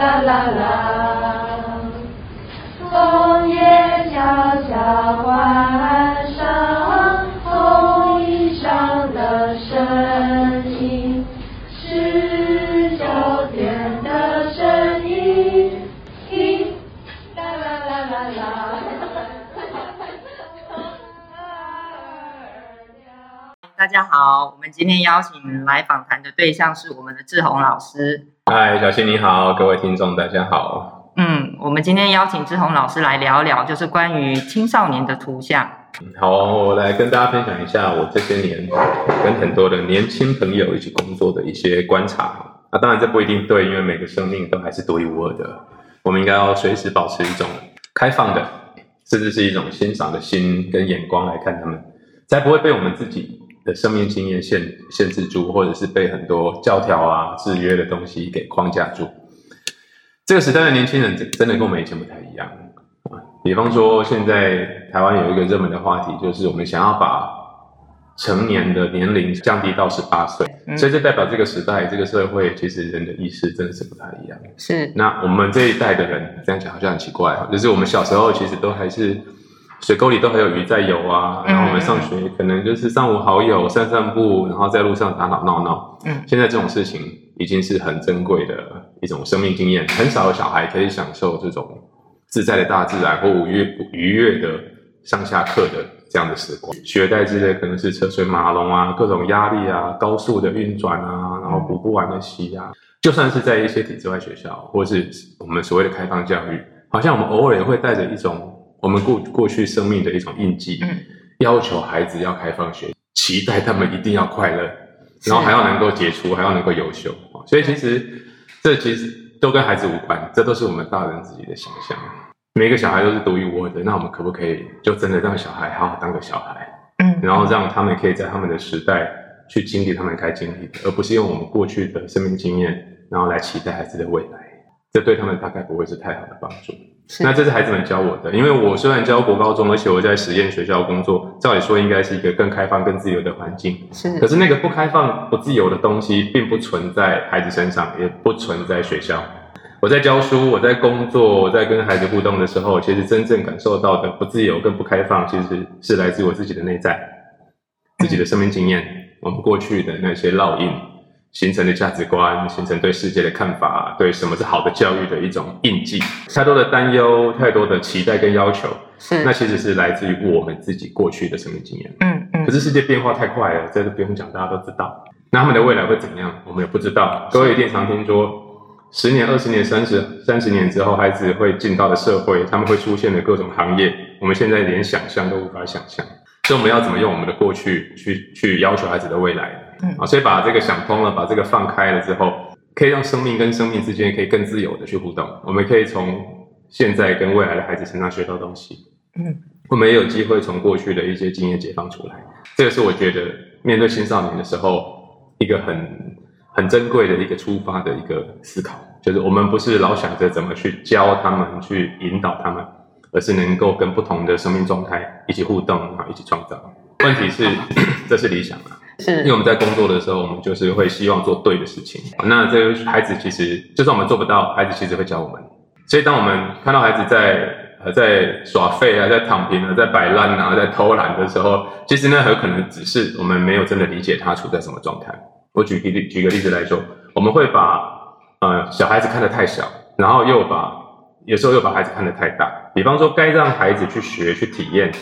啦啦啦，楓葉腳下，晚上風衣上的聲音，是秋天的聲音。聽，啦啦啦啦啦、啊啊啊啊啊啊啊啊，大家好，我們今天邀請來訪談的對象是我們的志宏老師。嗨，小新你好，各位聽眾大家好。嗯，我們今天邀請智弘老師來聊聊，就是關於青少年的圖像。好，我來跟大家分享一下我這些年跟很多的年輕朋友一起工作的一些觀察。啊，當然這不一定對，因為每個生命都還是獨一無二的。我們應該要隨時保持一種開放的，甚至是一種欣賞的心跟眼光來看他們，才不會被我們自己的生命經驗限限制住，或者是被很多教條啊制約的東西給框架住。這個時代的年輕人真真的跟我們以前不太一樣。比方說，現在台灣有一個熱門的話題，就是我們想要把成年的年齡降低到十八歲，所以這代表這個時代、這個社會，其實人的意識真的是不太一樣。是那我們這一代的人這樣講好像很奇怪，就是我們小時候其實都還是。水溝裡都還有魚在游啊，然後我們上學可能就是三五好友散散步，然後在路上打打鬧鬧。嗯，現在這種事情已經是很珍貴的一種生命經驗，很少有小孩可以享受這種自在的大自然或愉悅愉悅的上下課的這樣的時光。學帶之類可能是車水馬龍啊，各種壓力啊，高速的運轉啊，然後補不完的習啊。就算是在一些體制外學校，或是我們所謂的開放教育，好像我們偶爾也會帶着一種。我們過過去生命的一種印記，要求孩子要開放學，期待他們一定要快樂，然後還要能夠傑出，還要能夠優秀。所以其實這其實都跟孩子無關，這都是我們大人自己的想象。每個小孩都是獨一無二的，那我們可不可以就真的讓小孩好好當個小孩，然後讓他們可以在他們的時代去經歷他們該經歷的，而不是用我們過去的生命經驗，然後來期待孩子的未來。這對他們大概不會是太好的幫助。那這是孩子們教我的，因為我雖然教國高中，而且我在實驗學校工作，照理說應該是一個更開放、更自由的環境。是。可是那個不開放、不自由的東西並不存在孩子身上，也不存在學校。我在教書，我在工作，我在跟孩子互動的時候，其實真正感受到的不自由、跟不開放，其實是來自我自己的內在，自己的生命經驗，我們過去的那些烙印。形成的價值觀，形成對世界的看法，對什麼是好的教育的一種印記。太多的擔憂，太多的期待跟要求，那其實是來自於我們自己過去的生命經驗。嗯嗯。可是世界變化太快了，這個不用講，大家都知道。那他們的未來會怎麼樣？嗯，我們也不知道。各位一定常聽說，十年、二十年、三十三十年之後，孩子會進到的社會，他們會出現的各種行業，我們現在連想象都無法想象。所以我們要怎麼用我們的過去去去要求孩子的未來？嗯啊，所以把這個想通了，把這個放開了之後，可以讓生命跟生命之間可以更自由的去互動。我們可以從現在跟未來的孩子身上學到東西。嗯，我們也有機會從過去的一些經驗解放出來。這個是我覺得面對青少年的時候，一個很很珍貴的一個出發的一個思考，就是我們不是老想着怎麼去教他們，去引導他們。而是能夠跟不同的生命狀態一起互動啊，然後一起創造。問題是， 這是理想啊，是因為我們在工作的時候，我們就是會希望做對的事情。那這個孩子其實，就算我們做不到，孩子其實會教我們。所以，當我們看到孩子在呃在耍廢啊，在躺平啊，在擺爛啊，在偷懶的時候，其實呢，很可能只是我們沒有真的理解他處在什麼狀態。我舉舉例舉個例子來說，我們會把呃小孩子看得太小，然後又把。有時候又把孩子看得太大，比方說該讓孩子去學、去體驗、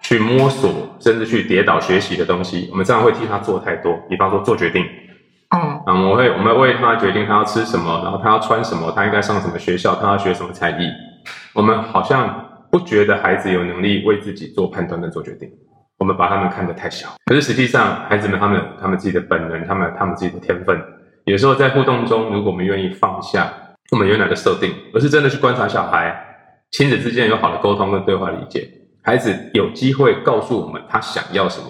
去摸索，甚至去跌倒學習的東西，我們這樣會替他做太多。比方說做決定，嗯，我會我們為他決定他要吃什麼，然後他要穿什麼，他應該上什麼學校，他要學什麼才藝，我們好像不覺得孩子有能力為自己做判斷跟做決定，我們把他們看得太小。可是實際上，孩子們他們有他們自己的本能，他們有他們自己的天分，有時候在互動中，如果我們願意放下。我們原來的設定，而是真的去觀察小孩，親子之間有好的溝通跟對話理解，孩子有機會告訴我們他想要什麼，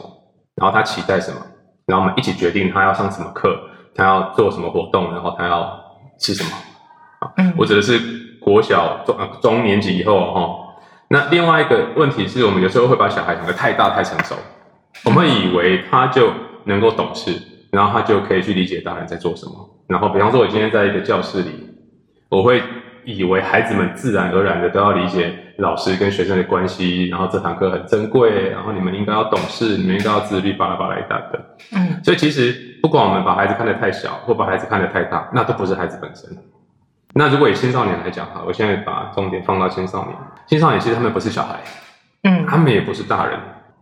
然後他期待什麼，然後我們一起決定他要上什麼課，他要做什麼活動，然後他要吃什麼。我指的是國小中中年級以後哈。那另外一個問題是我們有時候會把小孩想得太大太成熟，我們會以為他就能夠懂事，然後他就可以去理解大人在做什麼。然後，比方說，我今天在一個教室裡。我會以為孩子們自然而然的都要理解老師跟學生的關係，然後這堂課很珍貴，然後你們應該要懂事，你們應該要自律，巴拉巴拉一大堆。嗯，所以其實不管我們把孩子看得太小，或把孩子看得太大，那都不是孩子本身。那如果以青少年來講哈，我現在把重點放到青少年，青少年其實他們不是小孩，嗯，他們也不是大人，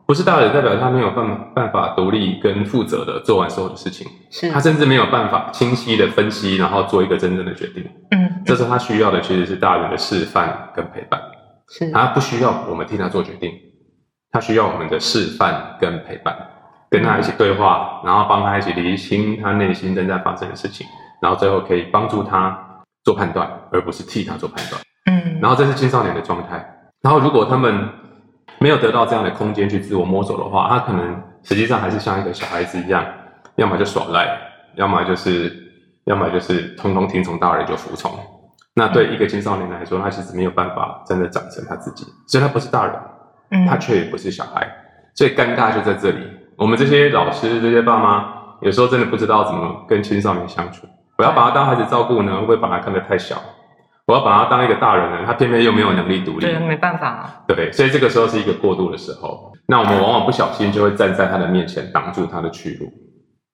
不是大人代表他沒有辦辦法獨立跟負責的做完所有的事情，是，他甚至沒有辦法清晰的分析，然後做一個真正的決定，嗯。這是他需要的，其實是大人的示範跟陪伴。是、啊，他不需要我們替他做決定，他需要我們的示範跟陪伴，跟他一起對話，嗯、然後幫他一起理清他內心正在發生的事情，然後最後可以幫助他做判斷，而不是替他做判斷。嗯，然後這是青少年的狀態。然後如果他們沒有得到這樣的空間去自我摸索的話，他可能實際上還是像一個小孩子一樣，要麼就耍賴，要麼就是，要麼就是通通聽從大人就服從。那對一個青少年來說、嗯，他其實沒有辦法真的長成他自己，所以他不是大人、嗯，他卻也不是小孩，所以尷尬就在這裡。我們這些老師、嗯、這些爸媽，有時候真的不知道怎麼跟青少年相處。嗯、我要把他當孩子照顧呢、嗯，會不會把他看得太小？我要把他當一個大人呢，他偏偏又沒有能力獨立，嗯、對，沒辦法。對，所以這個時候是一個過渡的時候。那我們往往不小心就會站在他的面前，擋住他的去路、嗯，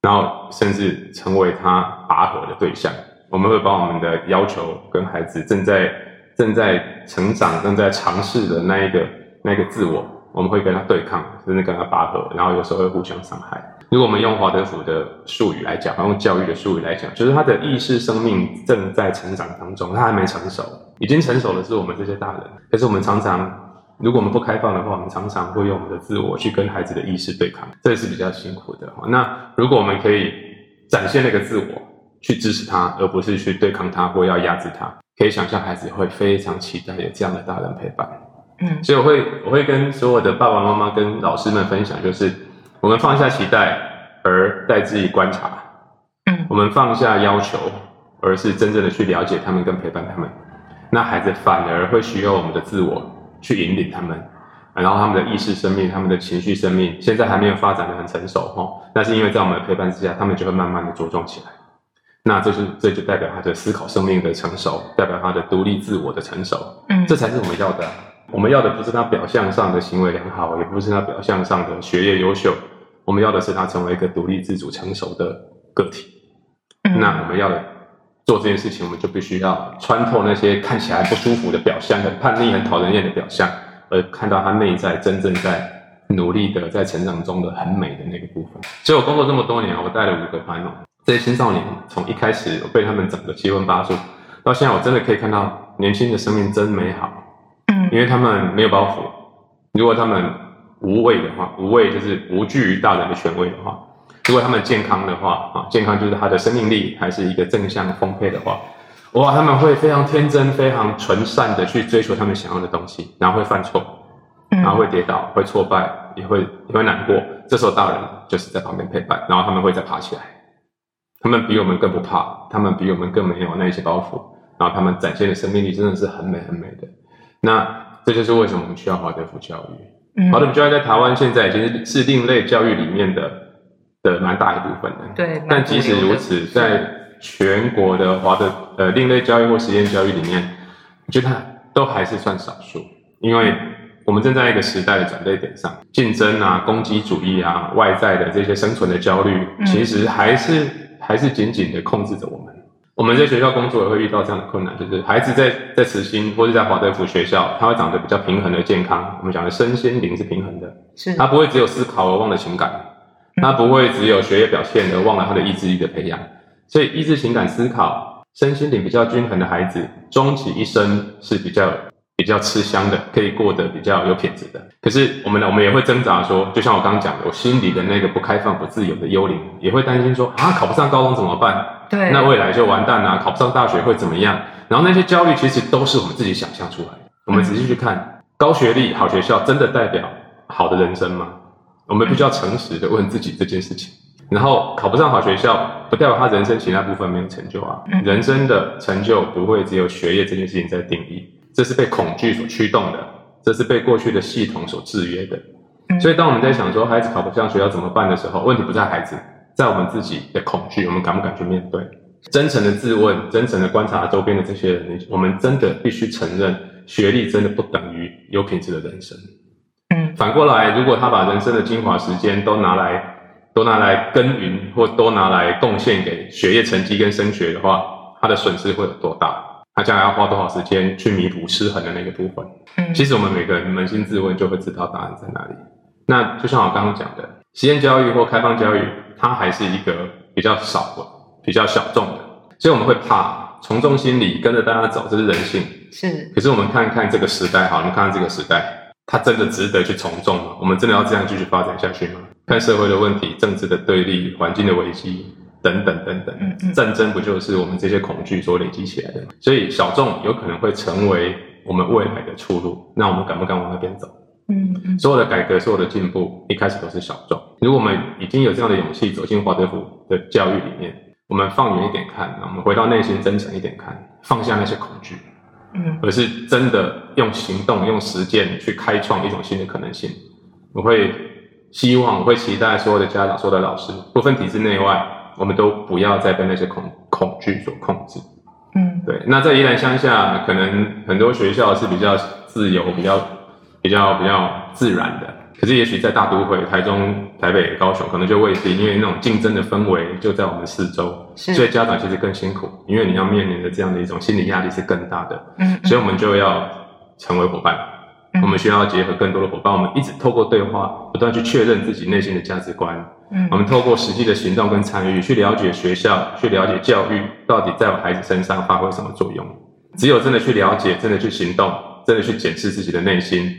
然後甚至成為他拔河的對象。我們會把我們的要求跟孩子正在正在成長、正在嘗試的那一個那一個自我，我們會跟他對抗，甚至跟他拔河，然後有時候會互相傷害。如果我們用華德福的術語來講，用教育的術語來講，就是他的意識生命正在成長當中，他還沒成熟，已經成熟的是我們這些大人。可是我們常常，如果我們不開放的話，我們常常會用我們的自我去跟孩子的意識對抗，這是比較辛苦的。那如果我們可以展現那個自我。去支持他，而不是去對抗他或要壓制他。可以想象，孩子會非常期待有這樣的大人陪伴。嗯，所以我會我會跟所有的爸爸媽媽跟老師們分享，就是我們放下期待，而帶自己觀察。嗯，我們放下要求，而是真正的去了解他們跟陪伴他們。那孩子反而會需要我們的自我去引領他們，然後他們的意識生命、他們的情緒生命，現在還沒有發展的很成熟齁。那是因為在我們的陪伴之下，他們就會慢慢的茁壯起來。那這是這就代表他的思考生命的成熟，代表他的獨立自我的成熟。嗯，這才是我們要的。嗯。我們要的不是他表象上的行為良好，也不是他表象上的學業優秀。我們要的是他成為一個獨立自主、成熟的個體。嗯。那我們要的，做這件事情，我們就必須要穿透那些看起來不舒服的表象、很叛逆、很討人厭的表象，而看到他內在真正在努力的，在成長中的很美的那個部分。所以我工作這麼多年，我帶了五個班哦。這些青少年從一開始我被他們整得七葷八素，到現在我真的可以看到年輕的生命真美好。嗯，因為他們沒有包袱。如果他們無畏的話，無畏就是無懼於大人的權威的話；如果他們健康的話，啊，健康就是他的生命力還是一個正向的豐沛的話，哇，他們會非常天真、非常純善的去追求他們想要的東西，然後會犯錯，然後會跌倒，會挫敗，也會也會難過。這時候大人就是在旁邊陪伴，然後他們會再爬起來。他們比我們更不怕，他們比我們更沒有那一些包袱，然後他們展現的生命力真的是很美很美的。那這就是為什麼我們需要華德福教育，嗯、華德福教育在台灣現在已經是另類教育裡面的的蠻大一部分的。對，但即使如此，在全國的華德呃另類教育或實驗教育裡面，就它都還是算少數，因為我們正在一個時代的轉折點上，競爭啊、攻擊主義啊、外在的這些生存的焦慮，其實還是。還是緊緊的控制着我們。我們在學校工作也會遇到這樣的困難，就是孩子在在慈心或是在華德福學校，他會長得比較平衡、的健康。我們講的身心靈是平衡的，是。他不會只有思考而忘了情感，他不會只有學業表現而忘了他的意志力的培養。所以，意志、情感、思考、身心靈比較均衡的孩子，終其一生是比較。比較吃香的，可以過得比較有品質的。可是我們呢，我們也會掙扎說，就像我剛剛講的，我心裡的那個不開放、不自由的幽靈，也會擔心說啊，考不上高中怎麼辦？對，對，那未來就完蛋了啊，考不上大學會怎麼樣？然後那些焦慮其實都是我們自己想象出來的。我們仔細去看，嗯、高學歷、好學校真的代表好的人生嗎？我們比較誠實的問自己這件事情。然後考不上好學校，不代表他人生其他部分沒有成就啊！人生的成就不會只有學業這件事情在定。這是被恐懼所驅動的，這是被過去的系統所制約的。所以，當我們在想說孩子考不上學要怎麼辦的時候，問題不在孩子，在我們自己的恐懼。我們敢不敢去面對？真誠的自問，真誠的觀察周邊的這些人，我們真的必須承認，學歷真的不等於有品質的人生。反過來，如果他把人生的精華時間都拿來，都拿來耕耘，或都拿來貢獻給學業成績跟升學的話，他的損失會有多大？將來要花多少時間去彌補失衡的那個部分？其實我們每個人捫心自問，就會知道答案在哪裡。那就像我剛剛講的，實驗教育或開放教育，它還是一個比較少的、比較小眾的，所以我們會怕從眾心理，跟着大家走，這是人性。是。可是我們看看這個時代，好，我們看看這個時代，它真的值得去從眾嗎？我們真的要這樣繼續發展下去嗎？看社會的問題、政治的對立、環境的危機。等等等等，戰爭不就是我們這些恐懼所累積起來的嘛？嗯嗯，所以小眾有可能會成為我們未來的出路。那我們敢不敢往那邊走？嗯，嗯，所有的改革，所有的進步，一開始都是小眾。如果我們已經有這樣的勇氣走進華德福的教育裡面，我們放遠一點看，然後我們回到內心真誠一點看，放下那些恐懼，嗯，而是真的用行動、用實踐去開創一種新的可能性。我會希望，我會期待所有的家長、所有的老師，不分體制內外。嗯我們都不要再被那些恐恐懼所控制。嗯，對。那在宜蘭鄉下，可能很多學校是比較自由、比較、比較、比較自然的。可是，也許在大都會、台中、台北、高雄，可能就未必，因為那種競爭的氛圍就在我們四周。是。所以家長其實更辛苦，因為你要面臨的這樣的一種心理壓力是更大的。嗯，嗯，所以我們就要成為夥伴。 我們需要結合更多的夥伴，我們一直透過對話，不斷去確認自己內心的價值觀。我們透過實際的行動跟參與，去了解學校，去了解教育到底在我孩子身上發揮什麼作用。只有真的去了解，真的去行動，真的去檢視自己的內心，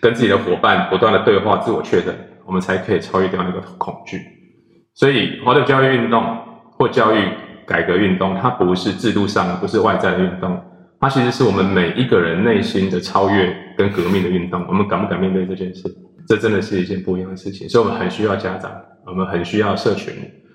跟自己的夥伴不斷的對話，自我確認，我們才可以超越掉那個恐懼。所以，華德福教育運動或教育改革運動，它不是制度上，而不是外在的運動。它其實是我們每一個人內心的超越跟革命的運動。我們敢不敢面對這件事？這真的是一件不一樣的事情。所以，我們很需要家長，我們很需要社群，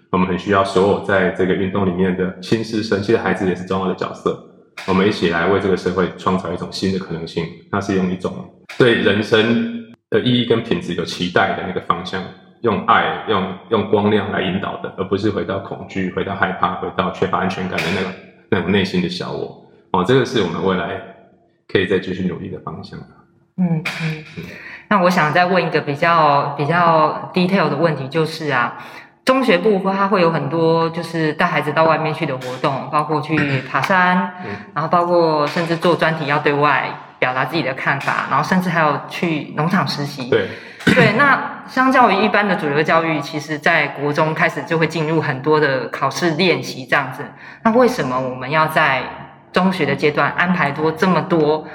我們很需要所有在這個運動裡面的親師生。其實，孩子也是重要的角色。我們一起來為這個社會創造一種新的可能性。它是用一種對人生的意義跟品質有期待的那個方向，用愛、用用光亮來引導的，而不是回到恐懼、回到害怕、回到缺乏安全感的那個、那種、個、內心的小我。哦，這個是我們未來可以再繼續努力的方向的。嗯嗯，那我想再問一個比較比較 detail 的問題，就是啊，中學部它會有很多，就是帶孩子到外面去的活動，包括去爬山，嗯，然後包括甚至做專題要對外表達自己的看法，然後甚至還有去農場實習。對對，那相較於一般的主流教育，其實，在國中開始就會進入很多的考試練習這樣子。那為什麼我們要在？中學的階段安排多這麼多，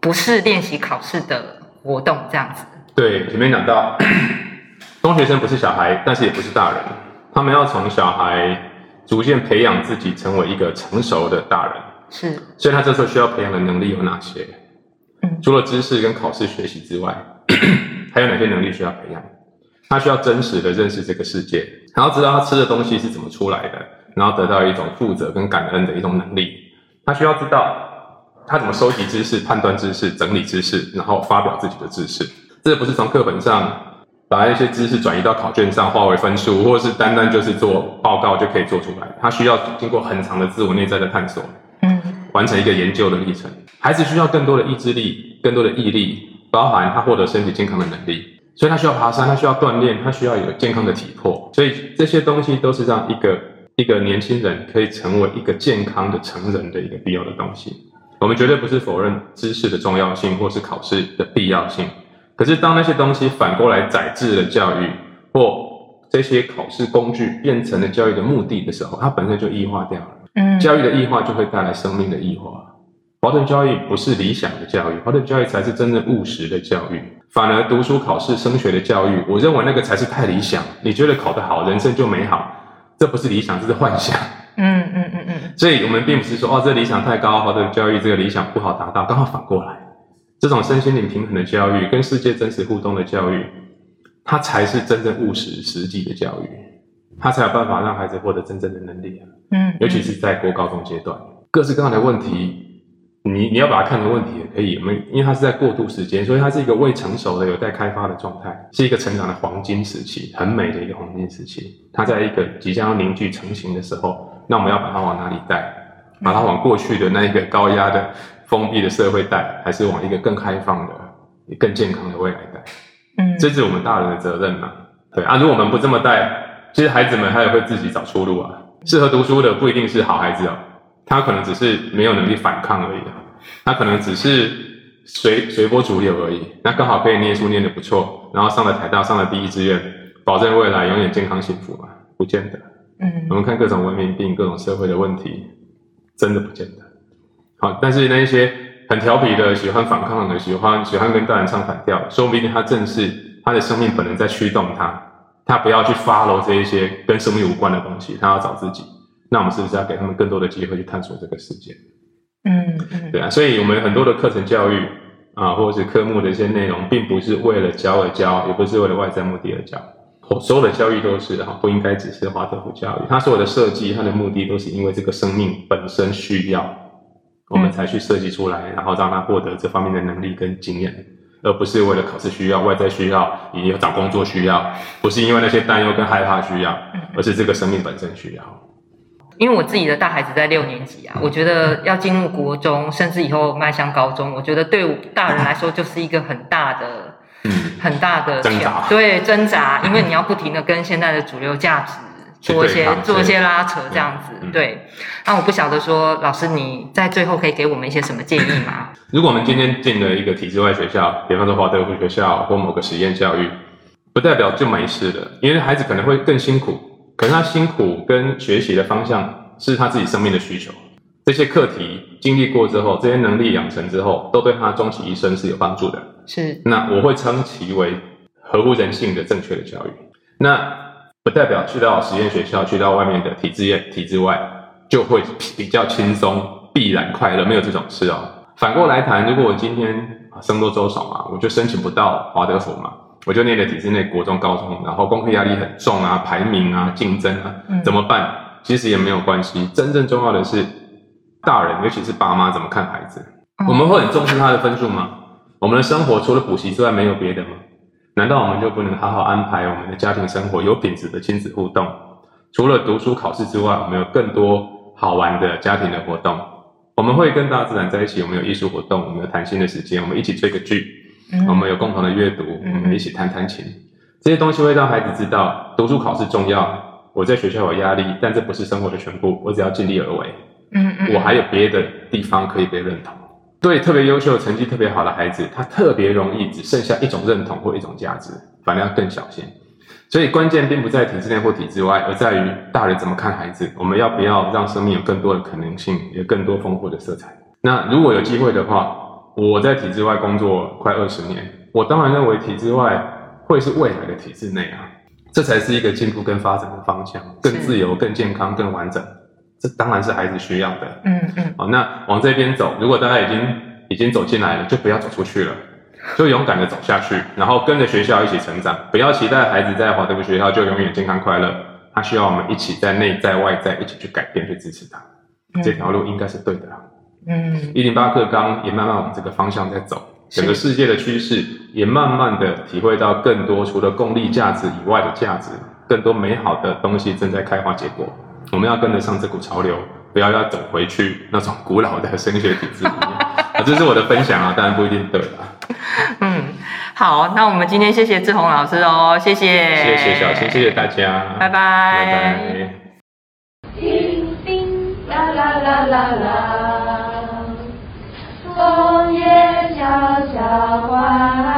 不是練習考試的活動這樣子。對，前面講到， 中學生不是小孩，但是也不是大人，他們要從小孩逐漸培養自己成為一個成熟的大人。是，所以他這時候需要培養的能力有哪些？除了知識跟考試學習之外，還有哪些能力需要培養？他需要真實的認識這個世界，然後知道他吃的東西是怎麼出來的，然後得到一種負責跟感恩的一種能力。他需要知道他怎麼收集知識、判斷知識、整理知識，然後發表自己的知識。這不是從課本上把一些知識轉移到考卷上，化為分數，或者是單單就是做報告就可以做出來。他需要經過很長的自我內在的探索，完成一個研究的歷程。孩子需要更多的意志力、更多的毅力，包含他獲得身體健康的能力。所以，他需要爬山，他需要鍛鍊，他需要有健康的體魄。所以，這些東西都是讓一個。一個年輕人可以成為一個健康的成人的一個必要的東西。我們絕對不是否認知識的重要性或是考試的必要性。可是當那些東西反過來宰制了教育，或這些考試工具變成了教育的目的的時候，它本身就異化掉了。嗯，教育的異化就會帶來生命的異化。華德教育不是理想的教育，華德教育才是真正務實的教育。反而讀書考試升學的教育，我認為那個才是太理想。你覺得考得好，人生就美好。這不是理想，這是幻想。嗯嗯嗯嗯。所以我們並不是說哦，這理想太高，或者教育這個理想不好達到，剛好反過來，這種身心靈平衡的教育，跟世界真實互動的教育，它才是真正務實實際的教育，它才有辦法讓孩子獲得真正的能力、啊。嗯。尤其是在國高中階段，各式各樣的問題。你你要把它看成問題也可以，我們因為它是在過渡時間，所以它是一個未成熟的、有待開發的狀態，是一個成長的黃金時期，很美的一個黃金時期。它在一個即將要凝聚成型的時候，那我們要把它往哪裡帶？把它往過去的那一個高壓的封閉的社會帶，還是往一個更開放的、更健康的未來帶？嗯，這是我們大人的責任嘛、啊。對啊，如果我們不這麼帶，其實孩子們他也會自己找出路啊。適合讀書的不一定是好孩子哦、啊。他可能只是沒有能力反抗而已，他可能只是隨隨波逐流而已。那剛好可以念書念得不錯，然後上了台大，上了第一志願，保證未來永遠健康幸福嘛？不見得。嗯。我們看各種文明病、各種社會的問題，真的不見得。好，但是那一些很調皮的、喜歡反抗的、喜歡喜歡跟大人唱反調，說不定他正是他的生命本能在驅動他，他不要去 follow 這一些跟生命無關的東西，他要找自己。那我們是不是要給他們更多的機會去探索這個世界？嗯，嗯對啊，所以我們很多的課程教育啊，或者是科目的一些內容，並不是為了教而教，也不是為了外在目的而教。所有的教育都是哈，不應該只是華德福教育。它所有的設計，它的目的都是因為這個生命本身需要，我們才去設計出來，然後讓他獲得這方面的能力跟經驗，而不是為了考試需要、外在需要以及找工作需要，不是因為那些擔憂跟害怕需要，而是這個生命本身需要。因為我自己的大孩子在六年級啊，我覺得要進入國中，甚至以後邁向高中，我覺得對大人來說就是一個很大的，嗯，很大的掙扎，對，掙扎，因為你要不停的跟現在的主流價值做一些一做一些拉扯，這樣子，嗯、對。那、嗯、我不曉得說，老師你在最後可以給我們一些什麼建議嗎？如果我們今天進了一個體制外學校，嗯、比方說華德福學校或某個實驗教育，不代表就沒事了，因為孩子可能會更辛苦。可是他辛苦跟學習的方向是他自己生命的需求。這些課題經歷過之後，這些能力養成之後，都對他終其一生是有幫助的。是。那我會稱其為合乎人性的正確的教育。那不代表去到實驗學校，去到外面的體制內、體制外，就會比較輕鬆、必然快樂，沒有這種事哦。反過來談，如果我今天啊生多周少僧多粥少嘛，啊，我就申請不到華德福嘛。我就念了幾次那國中、高中，然後功課壓力很重啊，排名啊、競爭啊，怎麼辦？其實也沒有關係。真正重要的是，大人，尤其是爸媽，怎麼看孩子？我們會很重視他的分數嗎？我們的生活除了補習之外沒有別的嗎？難道我們就不能好好安排我們的家庭生活，有品質的親子互動？除了讀書考試之外，我們有更多好玩的家庭的活動。我們會跟大自然在一起，我們有藝術活動，我們有談心的時間，我們一起追個劇。 我們有共同的閱讀，我們一起彈彈琴，這些東西會讓孩子知道，讀書考試重要。我在學校有壓力，但這不是生活的全部。我只要盡力而為。嗯嗯。 我還有別的地方可以被認同。對特別優秀、成績特別好的孩子，他特別容易只剩下一種認同或一種價值，反而要更小心。所以關鍵並不在體制內或體制外，而在於大人怎麼看孩子。我們要不要讓生命有更多的可能性，有更多豐富的色彩？那如果有機會的話。 我在體制外工作快二十年，我當然認為體制外會是未來的體制內啊，這才是一個進步跟發展的方向，更自由、更健康、更完整，這當然是孩子需要的。嗯嗯。好，那往這邊走，如果大家已經已經走進來了，就不要走出去了，就勇敢的走下去，然後跟着學校一起成長。不要期待孩子在華德福學校就永遠健康快樂，他需要我們一起在內在外在一起去改變，去支持他。嗯，這條路應該是對的啊。嗯，一零八課綱也慢慢往這個方向在走，整個世界的趨勢也慢慢的體會到更多除了功利價值以外的價值，更多美好的東西正在開花結果。我們要跟得上這股潮流，不要要走回去那種古老的升學體制裡面。 啊，這是我的分享啊，當然不一定對啊。 嗯，好，那我們今天謝謝智弘老師哦，謝謝，謝謝小青，謝謝大家，拜拜。啦啦啦啦啦。小小花。